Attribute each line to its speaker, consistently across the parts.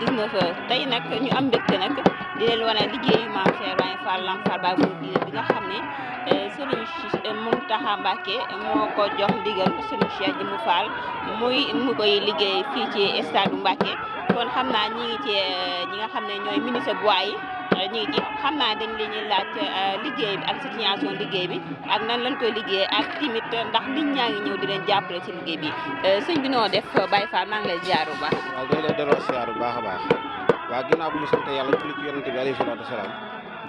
Speaker 1: dix-neuf heures tey nag ñu am mbégte nag di leen wane liggéeyu maam Cheikh Ibrahima Fall Lamfar Baay Mourid diine bi nga xam ne euh, Serigne Mountakha Mbacké moo ko jox ndigal Serigne Cheikh Jëmbu Fall muy mu koy liggéey fii ci stade Mbacké kon xam naa ñi ngi ci euh, ñi nga xam ne ñooy ministre bu waay yi ñii ji xam naa dañ li ñuy laaj euh, liggéey bi ak situation liggéey bi ak nan lañ koy liggéey ak timit ndax nit ñaa ngi ñëw di leen jàppale ci liggéey bi euh, sëñ bi noo def Baye Fall maa ngi lay bu baax waaw dañ lay a baax waaw ginnaaw bu ñu sant yàlla julli ci yonente bi alayhi salaatu wasalaam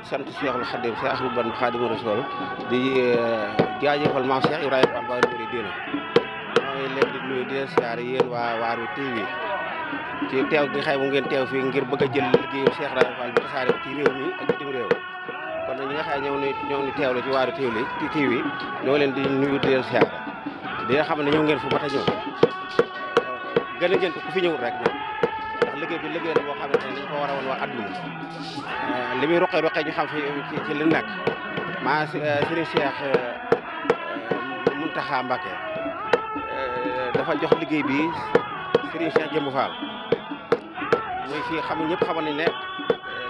Speaker 1: sant Cheikhul Khadim Cheikh Ahmadou Bamba Khadimu Rasul di euh, jaajëfal maam Cheikh Ibrahima Fall Baol Mouridina mooy leen di nuyu di leen ziar yéen waa Waarwi TV ci teew bi xay mu ngeen teew fii ngir bëgg a jël liggéeyu Cheikh Ibra Fall bi tasaare ci réew mi ak bitim réew kon nag ñi nga xam ñëw ni ñëw ni teew la ci waaru teew li ci tiiw yi ñoo leen di nuyu di leen di xam ne ñëw ngeen fu mat a ñëw gën a ngeen ko ku fi ñëwul rek ñoom ndax liggéey bi liggéey la boo xam ne dañ ko war a woon wax adduna eh, li muy roqee roqee ñu xam fi ci li nekk maa eh, Serigne Cheikh eh, Mountakha Mbacké dafa jox liggéey bi Serigne Cheikh Jëmb Fall muy fii xamu ñëpp xamoon nañ ne eh,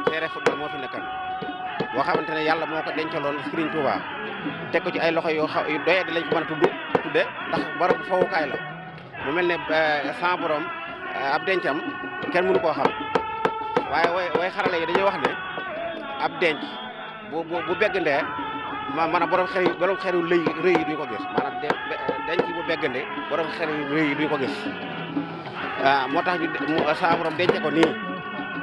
Speaker 1: terrain football moo fi nekkan boo xamante ne yàlla moo ko dencaloon Serigne Touba teg ko ci ay loxo yoo yu doyee di lañ ko mën a tudd tudde ndax barabu fowukaay la mu mel ne eh, sans borom eh, ab dencam kenn mënu koo xam waaye way way xarale yi wax ab denc bu bu bu beggandee a maanaam borom xel borom xel yu rëy yi duñ ko gis maanaam denc bu beggande borom xel yu rëy yi ko gis Ah, moo tax ñu saa borom denc ko nii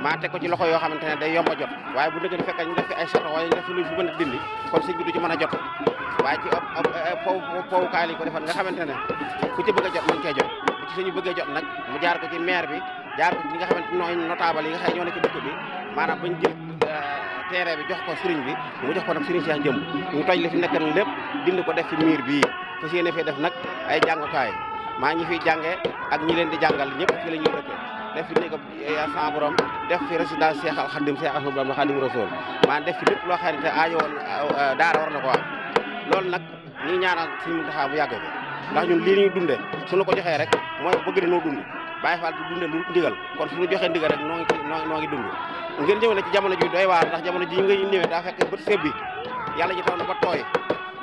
Speaker 1: maa teg ci loxo yoo xamante ne day yomba jot waaye bu dëgg fekk ñu def fi ay soto waaye ñu dindi kon sëñ ci mën a jot waaye ci eh, pow powukaay lañ ko defal nga xamante ne ku ci bëgg a jot mën cee jot ku ci suñu bëggee jot nag mu jaar ko ci maire bi jaar ko ci ñi nga xamante nooy notable yi nga xam ne ñoo ne ci dëkk bi maanaam bañ jël eh, terrain bi jox ko sëriñ bi mu jox ko nag sëriñ Cheikh Jëmb ñu toj li fi nekk lépp dindi ko def fi miir bii fas yéene fee def nag ay jàngukaay maa ngi fiy jànge ak ñi leen di jàngal ñëpp fii la ñuy def fi néegam eh, sa borom def fi résidence Cheikh Al Khadim Cheikh Ahmadou Bamba Khadim Rasoul maa def fi lépp loo xam ne aajo woon eh, eh, daara ko am loolu nag ñu ñaanal si taxaw bu yàgg bi ndax ñun lii ñu dundee suñu ko joxee rek mooy bëgg na noo dund Baye Fall du dunde lu ndigal kon suñu joxee ndigal rek noo ngi noo ngi dund ngeen ñëw na ci jamono ji doy waar ndax jamono ji nga ñëwee daa fekk bët sëb bi yàlla ji na ba tooy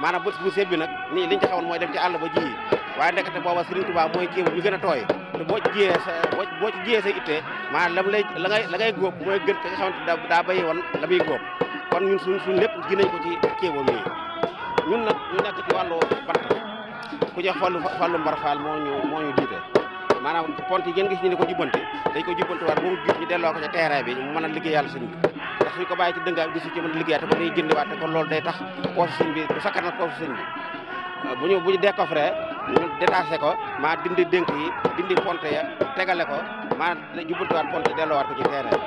Speaker 1: maanaam bët bu set bi nag nii liñ ci mooy dem ci àll ba ji yi waaye ndekete booba Serigne Touba mooy kéebu bi gën a tooy te boo ci jiyee sa boo ci jiyee sa ittee maanaam lam lay la ngay la góob mooy gën ka nga xamante daa béyi woon la muy góob kon ñun suñ suñ lépp gi nañ ko ci kéebam yi ñun nag ñu nekk ci wàllu bant ku jox fàllu fàllu mbar faal moo ñu moo ñu jiite maanaam pont yi ngeen gis ñu ne ko jubbanti dañ ko jubbanti waat ba mu jub ñu delloo ko ca terrain bi mu mën a liggéeyal sëñ ndax suñ ko bàyyi ci dëngaay bi du si ci mën a liggéeyaat ba day jëndiwaat te kon loolu day tax poosu sëñ bi du sakkanal poosu sëñ bi ah, bu ñu bu ñu décoffré ñu détaché ko maa dindi dénk yi dindi ponte ya tegale ko maa jubbantiwaat ponte delloowaat ko ci terrain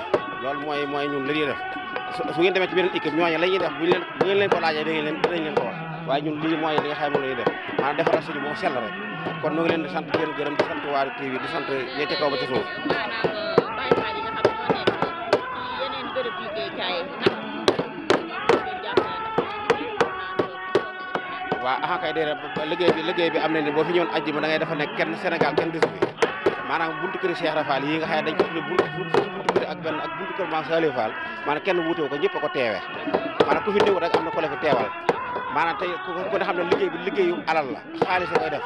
Speaker 1: loolu mooy mooy ñun li ñuy def su ngeen demee ci ñooñu la de def bu ñu leen bu ngeen leen leen dinañ leen ko wax waaye ñun lii mooy rek kon ñu leen di sant di leen gërëm di sant Waarwi TV di sant ñi ci kaw ba ci waaw axa kay dee liggéey bi liggéey bi am na ni boo fi ñëwoon ajji ma da ngay dafa nekk kenn Sénégal kenn gisu fi maanaam buntu Rafal yi nga xam ne dañ ko tuddee buntu kër ak benn ak buntu kër Mame Saliou Fall maanaam kenn wuute ko ñëpp a ko teewee maanaam ku fi néew rek am na ko la fi teewal maanaam tey ku ne xam ne liggéey alal xaalis koy def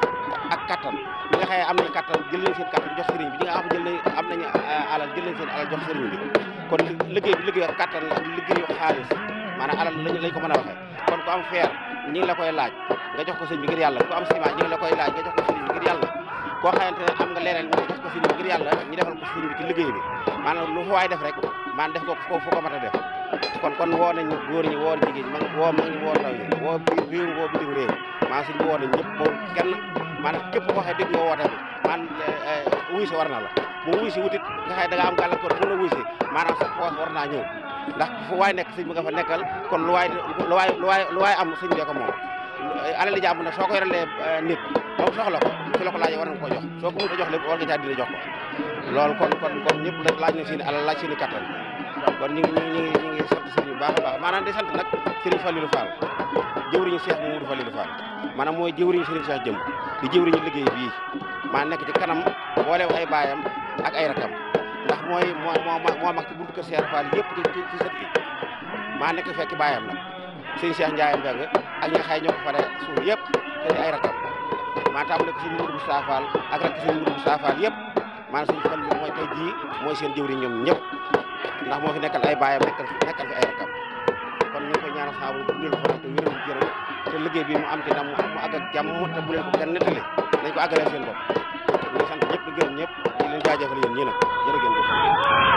Speaker 1: ak kattan ñi nga xëye am nañ kattan jël nañ seen kattan jox sëriñ bi ñi nga xam jël nañ am nañ ah, alal jël nañ seen alal jox sëriñ bi kon liggéey bi kattan la xaalis maanaam alal lañ ko mën a waxee kon ku am feer ñi ngi la koy laaj nga jox ko sëñ bi ngir yàlla ku am ciment ñi ngi la koy laaj nga jox ko sëñ bi ngir yàlla koo ñu defal ko sëñ bi ci liggéey bi maanaam lu waay def rek maanaam def ko ko fu ko mat a def kon kon woo na nañ góor ñi woo jigéen ñi mag woo mag ñi woo ndaw ñi woo biir réew woo bitim réew maanaam sëñ bi woo nañ ñëpp moom war na la bu wuy si wutit nga xam da nga am gàllankoor bu la wuy si maanaam sa war naa ñëw ndax fu waay nekk si bi nga fa nekkal kon lu waay lu waay waay lu waay am sëñ bi ko moom alali jàmm na soo ko yoralee euh, nit ba mu soxla ko su la ko laajee war na ko jox soo ko mënut a jox lépp war nga jox ko loolu kon kon kon laaj na seen alal laaj seen i kattan kon ni ngi ñu ngi ñu ngi sant sëriñ bu baax a baax maanaam di sant nag sëriñ Falilou Fall jëwriñu Cheikh Mamadou Falilou Fall maanaam mooy jëwriñu sëriñ Cheikh jëm di jëwriñu liggéey bii maa nekk ci kanam booleem ay baayam ak ay rakam ndax mooy moo moo moo mag ci buntu kër Cheikh Fall yëpp ci ci ci sët yi maa nekk fekk bàyyam nag sëñ Cheikh Ndiaye ak ñi nga xay ñoo ko fare suuf yëpp te maa tàmbale ko sëñ ak rak sëñ yëpp maanaam sëñ Fall bi mooy tey jii mooy seen jëwriñ ñoom ñëpp ndax moo fi nekkal ay ay rakam kon ñu ngi koy saabu bu dul fan te wéral jërëm bi mu am ci ndam mu àgg ak jàmm te leen seen bopp ñu sant ñëpp di gërëm ñëpp di leen jaajëfal yéen ñi nag jërëjëf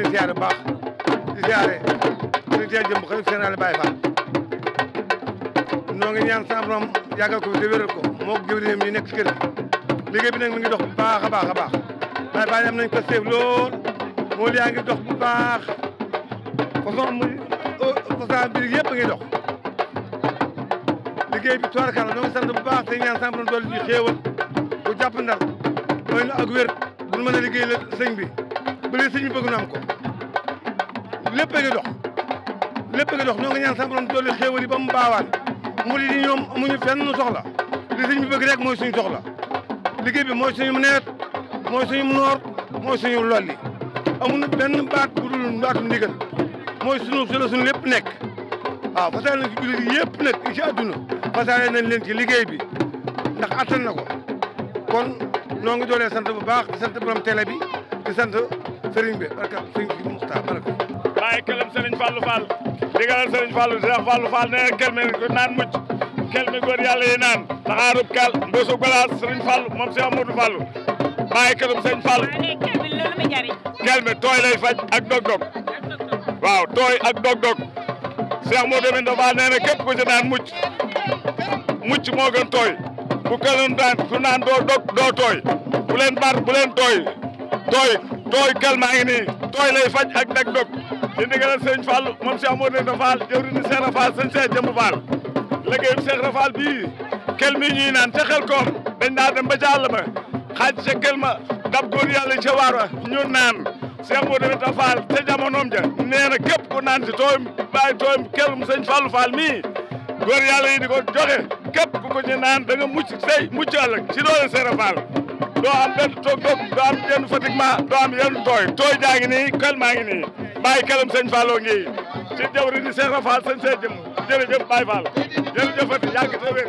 Speaker 2: leen di siyaare bu baax di siyaare suñu teel jëm xalif général Baye Fall noo ngi ñaan sa borom yàggal ko fi te wéral ko moo ko jëwriñam yi nekk ci kër liggéey bi nag mi ngi dox bu baax a baax a baax Baye Fall am nañ ko seef lool moo li yaa ngi dox bu baax façon muy façon biir yëpp ngi dox liggéey bi tubaarkàlla noo ngi sant bu baax te ñaan sa borom dool ñu xéewal bu jàpp ndar mooy na ak wér bu a liggéey la sëñ bi ba léegi bëgg na ko lépp a ngi dox lépp a ñoo ngi ñaan sama borom doole xéewal yi ba mu baawaan mu li di ñoom bi mooy suñu soxla liggéey bi mooy suñu nawet mooy suñu noor mooy suñu lolli amuñu benn nekk waaw fasaa nañ ci jullit yëpp nag ci àdduna fasaa nañ leen ci liggéey bi ndax attan na ko kon ñoo ngi doolee sant bu baax di sant borom télé bi di
Speaker 3: sant sëriñ bi barka sëriñ bi Muxtaar barka bàyyi kelam sëriñ Fallou Fall digalal sëriñ Fallou Cheikh Fallou Fall nee na kel mi naan kel mi góor yàlla yi moom Cheikh Amadou Fallou bàyyi kelam sëriñ Fallou kel mi tooy lay faj ak dog-dog waaw tooy ak dog-dog Cheikh Modou Mbène Fall nee na képp ku naan mucc mucc moo gën tooy bu kelam daan ku naan doo dog doo tooy bu bar bu leen tooy tooy kel maa ngi nii tooy lay faj ak dag dog di ndigalal sëñ Fall moom Cheikh Modou Anta Fall jëwri ni Cheikh Rafal sëñ Cheikh Jëmb Fall liggéeyu Cheikh Rafal bii kel mi ñuy naan ca xel koom dañ daa dem ba ca àll ba xaaj ca kel ma dab góor yàlla ca waar wa ñu naan Cheikh Modou ja nee na képp ku naan ci tooy bàyyi tooy kelum sëñ Fallou Fall mii góor yàlla yi di ko joxe képp ku ko ñu naan da nga mucc say mucc àllëg ci doole Cheikh Rafal doo am benn toog toog doo am yenn fatiguement doo am yenn tooy tooy jaa ngi nii xel maa ngi nii bàyyi xelam sëñ Fallou ngi ci jawri ni Seex Faal sëñ see jëm jërëjëf Baye Fall jërëjëf Fatick yàgg te wér